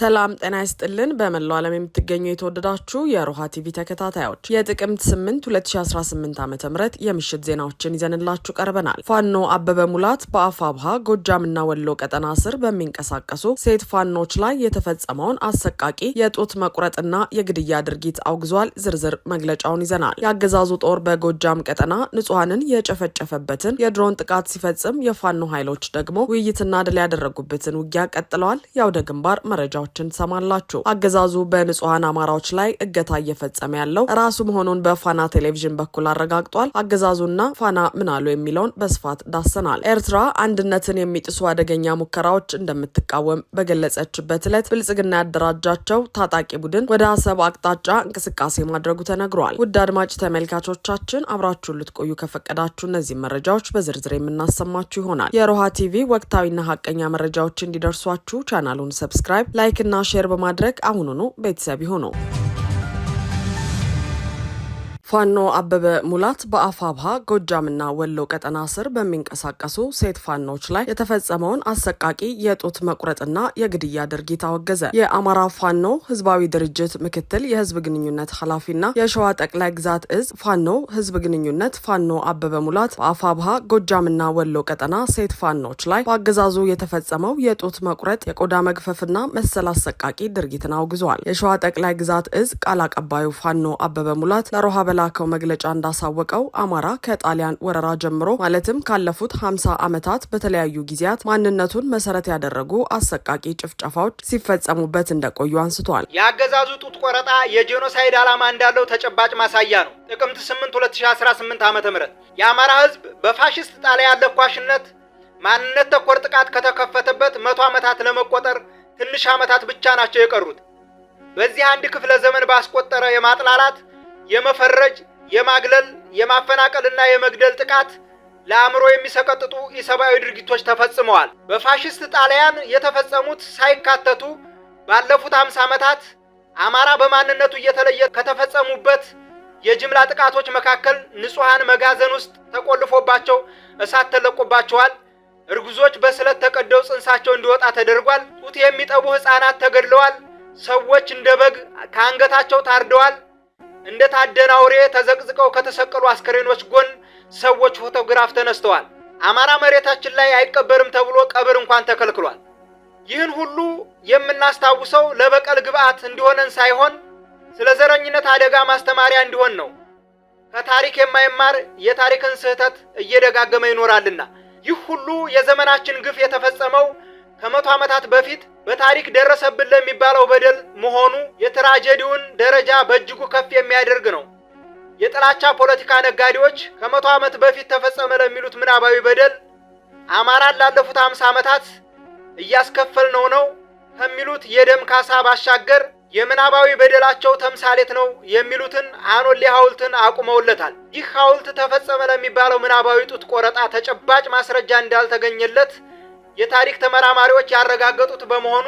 ሰላም ጤና ይስጥልን። በመላው ዓለም የምትገኙ የተወደዳችሁ የሮሃ ቲቪ ተከታታዮች የጥቅምት 8 2018 ዓ ም የምሽት ዜናዎችን ይዘንላችሁ ቀርበናል። ፋኖ አበበ ሙላት በአፋብሃ ጎጃምና ወሎ ቀጠና ስር በሚንቀሳቀሱ ሴት ፋኖች ላይ የተፈጸመውን አሰቃቂ የጡት መቁረጥና የግድያ ድርጊት አውግዟል። ዝርዝር መግለጫውን ይዘናል። የአገዛዙ ጦር በጎጃም ቀጠና ንጹሐንን የጨፈጨፈበትን የድሮን ጥቃት ሲፈጽም፣ የፋኖ ኃይሎች ደግሞ ውይይትና ድል ያደረጉበትን ውጊያ ቀጥለዋል። የአውደ ግንባር መረጃ መረጃዎችን ትሰማላችሁ። አገዛዙ በንጹሐን አማራዎች ላይ እገታ እየፈጸመ ያለው ራሱ መሆኑን በፋና ቴሌቪዥን በኩል አረጋግጧል። አገዛዙና ፋና ምን አሉ የሚለውን በስፋት ዳሰናል። ኤርትራ አንድነትን የሚጥሱ አደገኛ ሙከራዎች እንደምትቃወም በገለጸችበት ዕለት ብልጽግና ያደራጃቸው ታጣቂ ቡድን ወደ አሰብ አቅጣጫ እንቅስቃሴ ማድረጉ ተነግሯል። ውድ አድማጭ ተመልካቾቻችን አብራችሁን ልትቆዩ ከፈቀዳችሁ እነዚህ መረጃዎች በዝርዝር የምናሰማችሁ ይሆናል። የሮሃ ቲቪ ወቅታዊና ሀቀኛ መረጃዎች እንዲደርሷችሁ ቻናሉን ሰብስክራይብ፣ ላይክ ላይክና ሼር በማድረግ አሁኑኑ ቤተሰብ ይሁኑ። ፋኖ አበበ ሙላት በአፋብሃ ጎጃምና ወሎ ቀጠና ስር በሚንቀሳቀሱ ሴት ፋኖች ላይ የተፈጸመውን አሰቃቂ የጡት መቁረጥና የግድያ ድርጊት አወገዘ። የአማራ ፋኖ ህዝባዊ ድርጅት ምክትል የህዝብ ግንኙነት ኃላፊና የሸዋ ጠቅላይ ግዛት እዝ ፋኖ ህዝብ ግንኙነት ፋኖ አበበ ሙላት በአፋብሃ ጎጃምና ወሎ ቀጠና ሴት ፋኖች ላይ በአገዛዙ የተፈጸመው የጡት መቁረጥ፣ የቆዳ መግፈፍና መሰል አሰቃቂ ድርጊትን አውግዟል። የሸዋ ጠቅላይ ግዛት እዝ ቃል አቀባዩ ፋኖ አበበ ሙላት ለሮሃ በላከው መግለጫ እንዳሳወቀው አማራ ከጣሊያን ወረራ ጀምሮ ማለትም ካለፉት 50 ዓመታት በተለያዩ ጊዜያት ማንነቱን መሰረት ያደረጉ አሰቃቂ ጭፍጨፋዎች ሲፈጸሙበት እንደቆዩ አንስቷል። የአገዛዙ ጡት ቆረጣ የጄኖሳይድ ዓላማ እንዳለው ተጨባጭ ማሳያ ነው። ጥቅምት 8 2018 ዓ ም የአማራ ህዝብ በፋሽስት ጣሊያን ለኳሽነት ማንነት ተኮር ጥቃት ከተከፈተበት መቶ ዓመታት ለመቆጠር ትንሽ ዓመታት ብቻ ናቸው የቀሩት። በዚህ አንድ ክፍለ ዘመን ባስቆጠረ የማጥላላት የመፈረጅ፣ የማግለል፣ የማፈናቀልና የመግደል ጥቃት ለአእምሮ የሚሰቀጥጡ ኢሰብአዊ ድርጊቶች ተፈጽመዋል። በፋሽስት ጣሊያን የተፈጸሙት ሳይካተቱ ባለፉት አምሳ ዓመታት አማራ በማንነቱ እየተለየ ከተፈጸሙበት የጅምላ ጥቃቶች መካከል ንጹሐን መጋዘን ውስጥ ተቆልፎባቸው እሳት ተለቆባቸዋል። እርጉዞች በስለት ተቀደው ጽንሳቸው እንዲወጣ ተደርጓል። ጡት የሚጠቡ ሕፃናት ተገድለዋል። ሰዎች እንደ በግ ከአንገታቸው ታርደዋል። እንደ ታደረ አውሬ ተዘቅዝቀው ከተሰቀሉ አስከሬኖች ጎን ሰዎች ፎቶግራፍ ተነስተዋል። አማራ መሬታችን ላይ አይቀበርም ተብሎ ቀብር እንኳን ተከልክሏል። ይህን ሁሉ የምናስታውሰው ለበቀል ግብዓት እንዲሆነን ሳይሆን ስለ ዘረኝነት አደጋ ማስተማሪያ እንዲሆን ነው። ከታሪክ የማይማር የታሪክን ስህተት እየደጋገመ ይኖራልና ይህ ሁሉ የዘመናችን ግፍ የተፈጸመው ከመቶ ዓመታት በፊት በታሪክ ደረሰብን ለሚባለው በደል መሆኑ የትራጀዲውን ደረጃ በእጅጉ ከፍ የሚያደርግ ነው። የጥላቻ ፖለቲካ ነጋዴዎች ከመቶ ዓመት በፊት ተፈጸመ ለሚሉት ምናባዊ በደል አማራን ላለፉት አምሳ ዓመታት እያስከፈልነው ነው ከሚሉት የደም ካሳ ባሻገር የምናባዊ በደላቸው ተምሳሌት ነው የሚሉትን አኖሌ ሐውልትን አቁመውለታል። ይህ ሐውልት ተፈጸመ ለሚባለው ምናባዊ ጡት ቆረጣ ተጨባጭ ማስረጃ እንዳልተገኘለት የታሪክ ተመራማሪዎች ያረጋገጡት በመሆኑ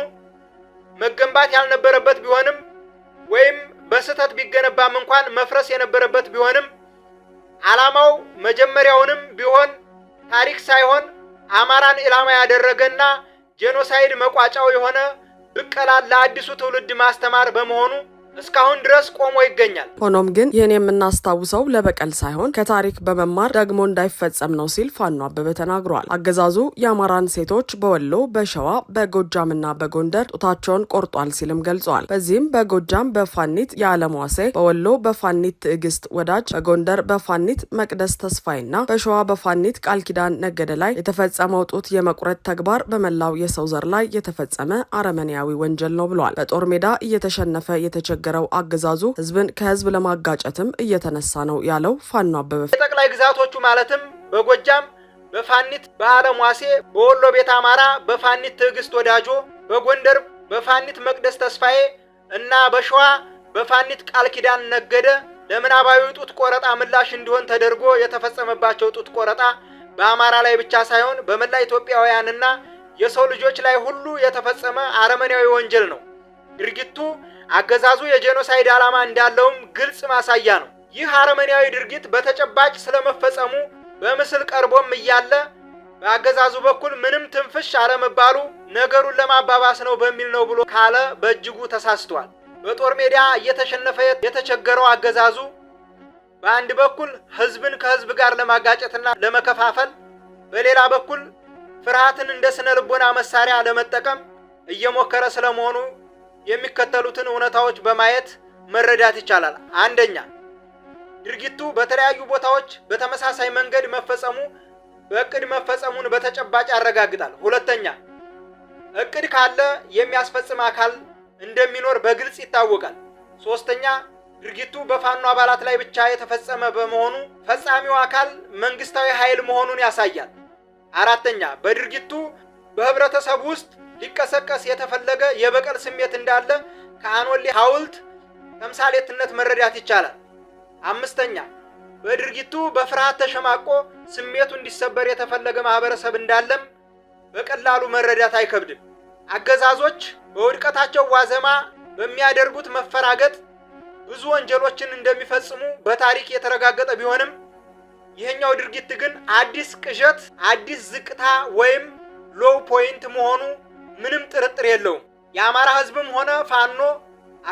መገንባት ያልነበረበት ቢሆንም ወይም በስህተት ቢገነባም እንኳን መፍረስ የነበረበት ቢሆንም ዓላማው መጀመሪያውንም ቢሆን ታሪክ ሳይሆን አማራን ኢላማ ያደረገና ጄኖሳይድ መቋጫው የሆነ ብቀላን ለአዲሱ ትውልድ ማስተማር በመሆኑ እስካሁን ድረስ ቆሞ ይገኛል። ሆኖም ግን ይህን የምናስታውሰው ለበቀል ሳይሆን ከታሪክ በመማር ደግሞ እንዳይፈጸም ነው ሲል ፋኖ አበበ ተናግሯል። አገዛዙ የአማራን ሴቶች በወሎ፣ በሸዋ፣ በጎጃምና በጎንደር ጡታቸውን ቆርጧል ሲልም ገልጿል። በዚህም በጎጃም በፋኒት የዓለም ዋሴ፣ በወሎ በፋኒት ትዕግስት ወዳጅ፣ በጎንደር በፋኒት መቅደስ ተስፋይና በሸዋ በፋኒት ቃል ኪዳን ነገደ ላይ የተፈጸመው ጡት የመቁረጥ ተግባር በመላው የሰው ዘር ላይ የተፈጸመ አረመኔያዊ ወንጀል ነው ብሏል። በጦር ሜዳ እየተሸነፈ የተቸገ የተቸገረው አገዛዙ ህዝብን ከህዝብ ለማጋጨትም እየተነሳ ነው ያለው ፋኖ አበበ የጠቅላይ ግዛቶቹ ማለትም በጎጃም በፋኒት በአለሟሴ በወሎ ቤት አማራ በፋኒት ትዕግስት ወዳጆ በጎንደር በፋኒት መቅደስ ተስፋዬ እና በሸዋ በፋኒት ቃል ኪዳን ነገደ ለምናባዊ ጡት ቆረጣ ምላሽ እንዲሆን ተደርጎ የተፈጸመባቸው ጡት ቆረጣ በአማራ ላይ ብቻ ሳይሆን በመላ ኢትዮጵያውያንና የሰው ልጆች ላይ ሁሉ የተፈጸመ አረመኔያዊ ወንጀል ነው። ድርጊቱ አገዛዙ የጄኖሳይድ ዓላማ እንዳለውም ግልጽ ማሳያ ነው። ይህ አረመኔያዊ ድርጊት በተጨባጭ ስለመፈጸሙ በምስል ቀርቦም እያለ በአገዛዙ በኩል ምንም ትንፍሽ አለመባሉ ነገሩን ለማባባስ ነው በሚል ነው ብሎ ካለ በእጅጉ ተሳስቷል። በጦር ሜዳ እየተሸነፈ የተቸገረው አገዛዙ በአንድ በኩል ሕዝብን ከህዝብ ጋር ለማጋጨትና ለመከፋፈል፣ በሌላ በኩል ፍርሃትን እንደ ስነ ልቦና መሳሪያ ለመጠቀም እየሞከረ ስለመሆኑ የሚከተሉትን እውነታዎች በማየት መረዳት ይቻላል። አንደኛ፣ ድርጊቱ በተለያዩ ቦታዎች በተመሳሳይ መንገድ መፈጸሙ በእቅድ መፈጸሙን በተጨባጭ ያረጋግጣል። ሁለተኛ፣ እቅድ ካለ የሚያስፈጽም አካል እንደሚኖር በግልጽ ይታወቃል። ሶስተኛ፣ ድርጊቱ በፋኖ አባላት ላይ ብቻ የተፈጸመ በመሆኑ ፈጻሚው አካል መንግስታዊ ኃይል መሆኑን ያሳያል። አራተኛ፣ በድርጊቱ በህብረተሰብ ውስጥ ሊቀሰቀስ የተፈለገ የበቀል ስሜት እንዳለ ከአኖሌ ሐውልት ተምሳሌትነት መረዳት ይቻላል። አምስተኛ በድርጊቱ በፍርሃት ተሸማቆ ስሜቱ እንዲሰበር የተፈለገ ማህበረሰብ እንዳለም በቀላሉ መረዳት አይከብድም። አገዛዞች በውድቀታቸው ዋዜማ በሚያደርጉት መፈራገጥ ብዙ ወንጀሎችን እንደሚፈጽሙ በታሪክ የተረጋገጠ ቢሆንም ይህኛው ድርጊት ግን አዲስ ቅዠት፣ አዲስ ዝቅታ ወይም ሎው ፖይንት መሆኑ ምንም ጥርጥር የለውም። የአማራ ህዝብም ሆነ ፋኖ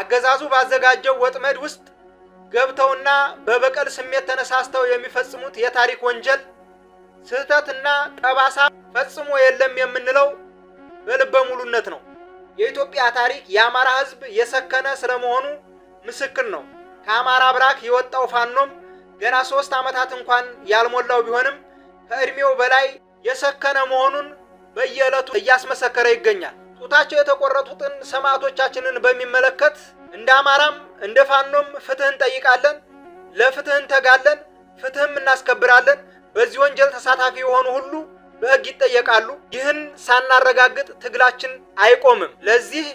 አገዛዙ ባዘጋጀው ወጥመድ ውስጥ ገብተውና በበቀል ስሜት ተነሳስተው የሚፈጽሙት የታሪክ ወንጀል ስህተትና ጠባሳ ፈጽሞ የለም የምንለው በልበ ሙሉነት ነው። የኢትዮጵያ ታሪክ የአማራ ህዝብ የሰከነ ስለመሆኑ ምስክር ነው። ከአማራ ብራክ የወጣው ፋኖም ገና ሶስት ዓመታት እንኳን ያልሞላው ቢሆንም ከእድሜው በላይ የሰከነ መሆኑን በየዕለቱ እያስመሰከረ ይገኛል። ጡታቸው የተቆረጡትን ሰማዕቶቻችንን በሚመለከት እንደ አማራም እንደ ፋኖም ፍትህ እንጠይቃለን፣ ለፍትህ እንተጋለን፣ ፍትህም እናስከብራለን። በዚህ ወንጀል ተሳታፊ የሆኑ ሁሉ በሕግ ይጠየቃሉ። ይህን ሳናረጋግጥ ትግላችን አይቆምም። ለዚህ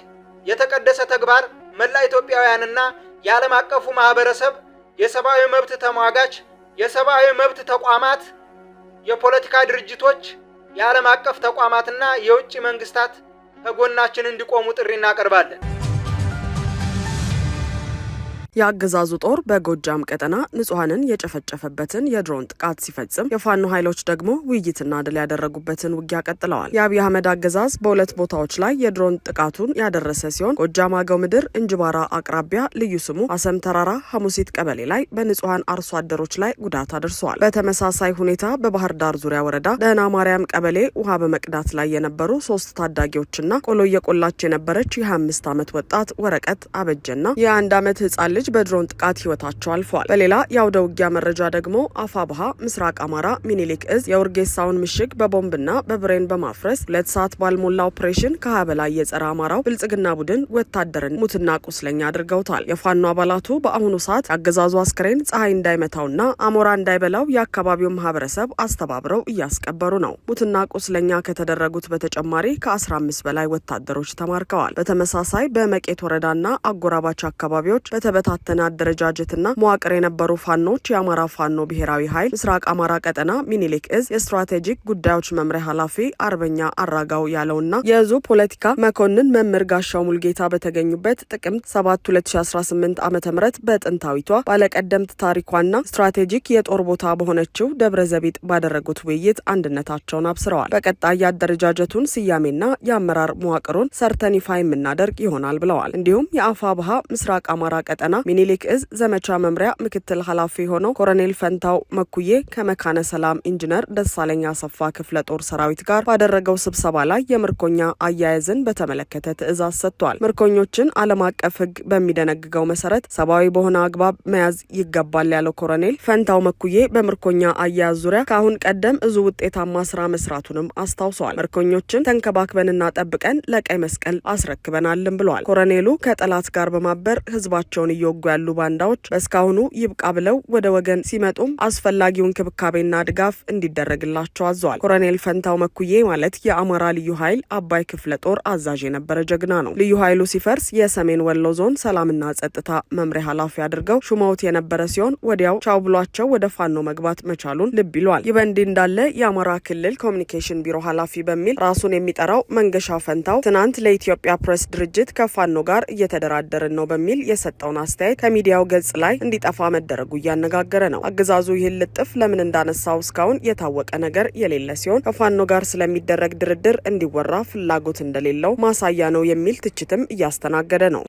የተቀደሰ ተግባር መላ ኢትዮጵያውያንና የዓለም አቀፉ ማህበረሰብ፣ የሰብአዊ መብት ተሟጋች፣ የሰብአዊ መብት ተቋማት፣ የፖለቲካ ድርጅቶች የዓለም አቀፍ ተቋማትና የውጭ መንግስታት ከጎናችን እንዲቆሙ ጥሪ እናቀርባለን። የአገዛዙ ጦር በጎጃም ቀጠና ንጹሐንን የጨፈጨፈበትን የድሮን ጥቃት ሲፈጽም የፋኖ ኃይሎች ደግሞ ውይይትና ድል ያደረጉበትን ውጊያ ቀጥለዋል። የአብይ አህመድ አገዛዝ በሁለት ቦታዎች ላይ የድሮን ጥቃቱን ያደረሰ ሲሆን ጎጃም አገው ምድር እንጅባራ አቅራቢያ ልዩ ስሙ አሰም ተራራ ሐሙሲት ቀበሌ ላይ በንጹሐን አርሶ አደሮች ላይ ጉዳት አድርሰዋል። በተመሳሳይ ሁኔታ በባህር ዳር ዙሪያ ወረዳ ደህና ማርያም ቀበሌ ውሃ በመቅዳት ላይ የነበሩ ሶስት ታዳጊዎችና ቆሎ እየቆላች የነበረች የ25 ዓመት ወጣት ወረቀት አበጀና የአንድ ዓመት ህጻን ልጅ በድሮን ጥቃት ህይወታቸው አልፏል። በሌላ የአውደ ውጊያ መረጃ ደግሞ አፋብሃ ምስራቅ አማራ ሚኒሊክ እዝ የውርጌሳውን ምሽግ በቦምብና በብሬን በማፍረስ ሁለት ሰዓት ባልሞላ ኦፕሬሽን ከሀያ በላይ የጸረ አማራው ብልጽግና ቡድን ወታደርን ሙትና ቁስለኛ አድርገውታል። የፋኖ አባላቱ በአሁኑ ሰዓት የአገዛዙ አስክሬን ፀሐይ እንዳይመታውና አሞራ እንዳይበላው የአካባቢው ማህበረሰብ አስተባብረው እያስቀበሩ ነው። ሙትና ቁስለኛ ከተደረጉት በተጨማሪ ከ15 በላይ ወታደሮች ተማርከዋል። በተመሳሳይ በመቄት ወረዳና አጎራባች አካባቢዎች በተበታ የተበታተነ አደረጃጀትና መዋቅር የነበሩ ፋኖች የአማራ ፋኖ ብሔራዊ ኃይል ምስራቅ አማራ ቀጠና ሚኒሊክ እዝ የስትራቴጂክ ጉዳዮች መምሪያ ኃላፊ አርበኛ አራጋው ያለውና የእዙ ፖለቲካ መኮንን መምህር ጋሻው ሙልጌታ በተገኙበት ጥቅምት 7 2018 ዓ ም በጥንታዊቷ ባለቀደምት ታሪኳና ስትራቴጂክ የጦር ቦታ በሆነችው ደብረ ዘቢጥ ባደረጉት ውይይት አንድነታቸውን አብስረዋል። በቀጣይ የአደረጃጀቱን ስያሜና የአመራር መዋቅሩን ሰርተን ይፋ የምናደርግ ይሆናል ብለዋል። እንዲሁም የአፋ ባሃ ምስራቅ አማራ ቀጠና ሚኒሊክ እዝ ዘመቻ መምሪያ ምክትል ኃላፊ ሆነው ኮሎኔል ፈንታው መኩዬ ከመካነ ሰላም ኢንጂነር ደሳለኝ አሰፋ ክፍለ ጦር ሰራዊት ጋር ባደረገው ስብሰባ ላይ የምርኮኛ አያያዝን በተመለከተ ትዕዛዝ ሰጥቷል። ምርኮኞችን ዓለም አቀፍ ሕግ በሚደነግገው መሰረት ሰብአዊ በሆነ አግባብ መያዝ ይገባል ያለው ኮሎኔል ፈንታው መኩዬ በምርኮኛ አያያዝ ዙሪያ ከአሁን ቀደም እዙ ውጤታማ ስራ መስራቱንም አስታውሰዋል። ምርኮኞችን ተንከባክበንና ጠብቀን ለቀይ መስቀል አስረክበናልም ብሏል። ኮሎኔሉ ከጠላት ጋር በማበር ህዝባቸውን እየ እየተወጉ ያሉ ባንዳዎች በእስካሁኑ ይብቃ ብለው ወደ ወገን ሲመጡም አስፈላጊውን እንክብካቤና ድጋፍ እንዲደረግላቸው አዘዋል። ኮሎኔል ፈንታው መኩዬ ማለት የአማራ ልዩ ኃይል አባይ ክፍለ ጦር አዛዥ የነበረ ጀግና ነው። ልዩ ኃይሉ ሲፈርስ የሰሜን ወሎ ዞን ሰላምና ጸጥታ መምሪያ ኃላፊ አድርገው ሹመውት የነበረ ሲሆን ወዲያው ቻው ብሏቸው ወደ ፋኖ መግባት መቻሉን ልብ ይሏል። ይህ በእንዲህ እንዳለ የአማራ ክልል ኮሚኒኬሽን ቢሮ ኃላፊ በሚል ራሱን የሚጠራው መንገሻ ፈንታው ትናንት ለኢትዮጵያ ፕሬስ ድርጅት ከፋኖ ጋር እየተደራደርን ነው በሚል የሰጠውን አስተያየት አስተያየት ከሚዲያው ገጽ ላይ እንዲጠፋ መደረጉ እያነጋገረ ነው። አገዛዙ ይህን ልጥፍ ለምን እንዳነሳው እስካሁን የታወቀ ነገር የሌለ ሲሆን ከፋኖ ጋር ስለሚደረግ ድርድር እንዲወራ ፍላጎት እንደሌለው ማሳያ ነው የሚል ትችትም እያስተናገደ ነው።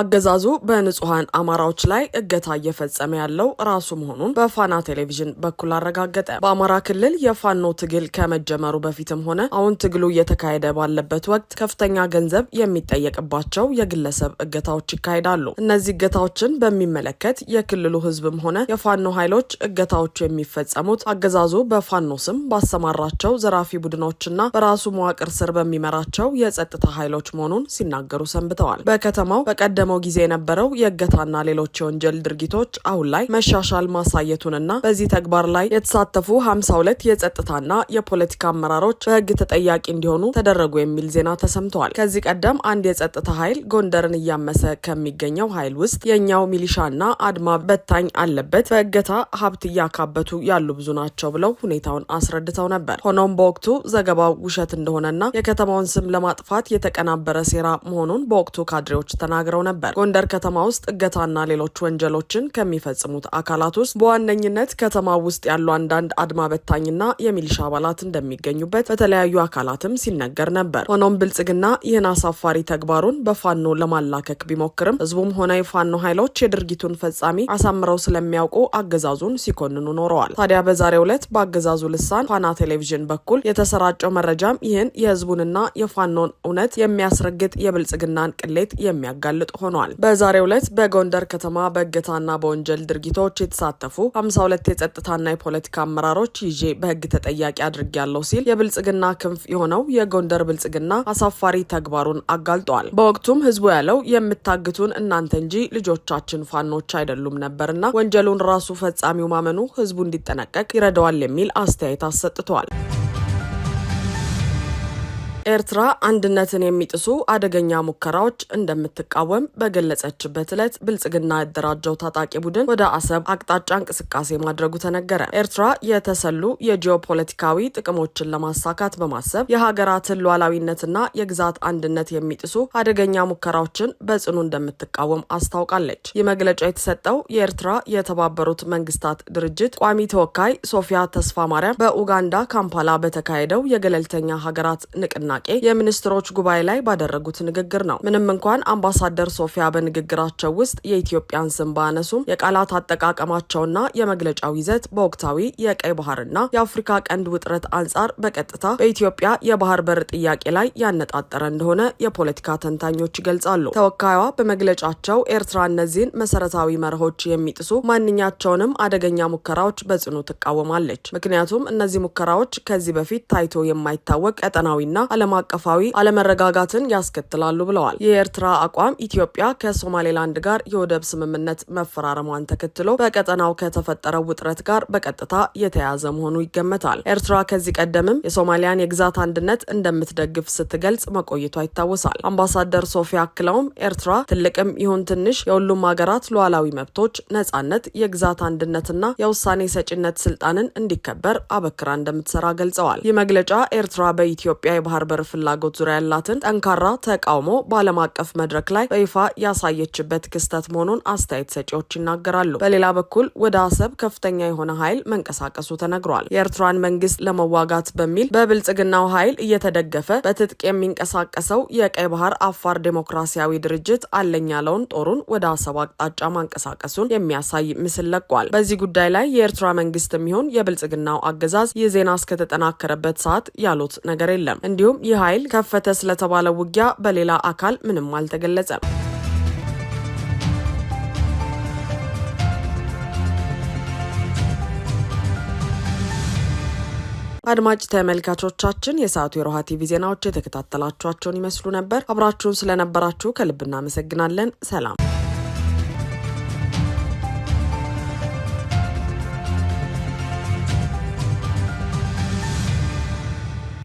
አገዛዙ በንጹሐን አማራዎች ላይ እገታ እየፈጸመ ያለው ራሱ መሆኑን በፋና ቴሌቪዥን በኩል አረጋገጠ። በአማራ ክልል የፋኖ ትግል ከመጀመሩ በፊትም ሆነ አሁን ትግሉ እየተካሄደ ባለበት ወቅት ከፍተኛ ገንዘብ የሚጠየቅባቸው የግለሰብ እገታዎች ይካሄዳሉ። እነዚህ እገታዎችን በሚመለከት የክልሉ ሕዝብም ሆነ የፋኖ ኃይሎች እገታዎቹ የሚፈጸሙት አገዛዙ በፋኖ ስም ባሰማራቸው ዘራፊ ቡድኖችና በራሱ መዋቅር ስር በሚመራቸው የጸጥታ ኃይሎች መሆኑን ሲናገሩ ሰንብተዋል። በከተማው በቀደ በቀደመው ጊዜ የነበረው የእገታና ሌሎች የወንጀል ድርጊቶች አሁን ላይ መሻሻል ማሳየቱንና በዚህ ተግባር ላይ የተሳተፉ ሀምሳ ሁለት የጸጥታና የፖለቲካ አመራሮች በህግ ተጠያቂ እንዲሆኑ ተደረጉ የሚል ዜና ተሰምተዋል። ከዚህ ቀደም አንድ የጸጥታ ኃይል ጎንደርን እያመሰ ከሚገኘው ኃይል ውስጥ የእኛው ሚሊሻና አድማ በታኝ አለበት በእገታ ሀብት እያካበቱ ያሉ ብዙ ናቸው ብለው ሁኔታውን አስረድተው ነበር። ሆኖም በወቅቱ ዘገባው ውሸት እንደሆነና የከተማውን ስም ለማጥፋት የተቀናበረ ሴራ መሆኑን በወቅቱ ካድሬዎች ተናግረው ነበር። ነበር። ጎንደር ከተማ ውስጥ እገታና ሌሎች ወንጀሎችን ከሚፈጽሙት አካላት ውስጥ በዋነኝነት ከተማ ውስጥ ያሉ አንዳንድ አድማ በታኝና የሚሊሻ አባላት እንደሚገኙበት በተለያዩ አካላትም ሲነገር ነበር። ሆኖም ብልጽግና ይህን አሳፋሪ ተግባሩን በፋኖ ለማላከክ ቢሞክርም ህዝቡም ሆነ የፋኖ ኃይሎች የድርጊቱን ፈጻሚ አሳምረው ስለሚያውቁ አገዛዙን ሲኮንኑ ኖረዋል። ታዲያ በዛሬው ዕለት በአገዛዙ ልሳን ፋና ቴሌቪዥን በኩል የተሰራጨው መረጃም ይህን የህዝቡንና የፋኖን እውነት የሚያስረግጥ የብልጽግናን ቅሌት የሚያጋልጥ ሆኗል። በዛሬው ዕለት በጎንደር ከተማ በእገታና በወንጀል ድርጊቶች የተሳተፉ 52 የጸጥታና የፖለቲካ አመራሮች ይዤ በህግ ተጠያቂ አድርጌያለሁ ሲል የብልጽግና ክንፍ የሆነው የጎንደር ብልጽግና አሳፋሪ ተግባሩን አጋልጧል። በወቅቱም ህዝቡ ያለው የምታግቱን እናንተ እንጂ ልጆቻችን ፋኖች አይደሉም ነበርና ወንጀሉን ራሱ ፈጻሚው ማመኑ ህዝቡ እንዲጠነቀቅ ይረዳዋል የሚል አስተያየት አሰጥቷል። ኤርትራ አንድነትን የሚጥሱ አደገኛ ሙከራዎች እንደምትቃወም በገለጸችበት ዕለት ብልጽግና ያደራጀው ታጣቂ ቡድን ወደ አሰብ አቅጣጫ እንቅስቃሴ ማድረጉ ተነገረ። ኤርትራ የተሰሉ የጂኦፖለቲካዊ ጥቅሞችን ለማሳካት በማሰብ የሀገራትን ሉዓላዊነትና የግዛት አንድነት የሚጥሱ አደገኛ ሙከራዎችን በጽኑ እንደምትቃወም አስታውቃለች። ይህ መግለጫ የተሰጠው የኤርትራ የተባበሩት መንግስታት ድርጅት ቋሚ ተወካይ ሶፊያ ተስፋ ማርያም በኡጋንዳ ካምፓላ በተካሄደው የገለልተኛ ሀገራት ንቅና ንቅናቄ የሚኒስትሮች ጉባኤ ላይ ባደረጉት ንግግር ነው። ምንም እንኳን አምባሳደር ሶፊያ በንግግራቸው ውስጥ የኢትዮጵያን ስም ባያነሱም የቃላት አጠቃቀማቸውና የመግለጫው ይዘት በወቅታዊ የቀይ ባህርና የአፍሪካ ቀንድ ውጥረት አንጻር በቀጥታ በኢትዮጵያ የባህር በር ጥያቄ ላይ ያነጣጠረ እንደሆነ የፖለቲካ ተንታኞች ይገልጻሉ። ተወካይዋ በመግለጫቸው ኤርትራ እነዚህን መሰረታዊ መርሆች የሚጥሱ ማንኛቸውንም አደገኛ ሙከራዎች በጽኑ ትቃወማለች። ምክንያቱም እነዚህ ሙከራዎች ከዚህ በፊት ታይቶ የማይታወቅ ቀጠናዊና ዓለም ዓለም አቀፋዊ አለመረጋጋትን ያስከትላሉ ብለዋል። የኤርትራ አቋም ኢትዮጵያ ከሶማሌላንድ ጋር የወደብ ስምምነት መፈራረሟን ተከትሎ በቀጠናው ከተፈጠረው ውጥረት ጋር በቀጥታ የተያያዘ መሆኑ ይገመታል። ኤርትራ ከዚህ ቀደምም የሶማሊያን የግዛት አንድነት እንደምትደግፍ ስትገልጽ መቆየቷ ይታወሳል። አምባሳደር ሶፊያ አክለውም ኤርትራ ትልቅም ይሁን ትንሽ የሁሉም ሀገራት ሉዓላዊ መብቶች፣ ነጻነት፣ የግዛት አንድነትና የውሳኔ ሰጪነት ስልጣንን እንዲከበር አበክራ እንደምትሰራ ገልጸዋል። ይህ መግለጫ ኤርትራ በኢትዮጵያ የባህር የማስተባበር ፍላጎት ዙሪያ ያላትን ጠንካራ ተቃውሞ በዓለም አቀፍ መድረክ ላይ በይፋ ያሳየችበት ክስተት መሆኑን አስተያየት ሰጪዎች ይናገራሉ። በሌላ በኩል ወደ አሰብ ከፍተኛ የሆነ ኃይል መንቀሳቀሱ ተነግሯል። የኤርትራን መንግስት ለመዋጋት በሚል በብልጽግናው ኃይል እየተደገፈ በትጥቅ የሚንቀሳቀሰው የቀይ ባህር አፋር ዴሞክራሲያዊ ድርጅት አለኝ ያለውን ጦሩን ወደ አሰብ አቅጣጫ ማንቀሳቀሱን የሚያሳይ ምስል ለቋል። በዚህ ጉዳይ ላይ የኤርትራ መንግስት የሚሆን የብልጽግናው አገዛዝ የዜና እስከተጠናከረበት ሰዓት ያሉት ነገር የለም። እንዲሁም ይህ ኃይል ከፈተ ስለተባለ ውጊያ በሌላ አካል ምንም አልተገለጸም። አድማጭ ተመልካቾቻችን የሰዓቱ የሮሃ ቲቪ ዜናዎች የተከታተላችኋቸውን ይመስሉ ነበር። አብራችሁን ስለነበራችሁ ከልብ እናመሰግናለን። ሰላም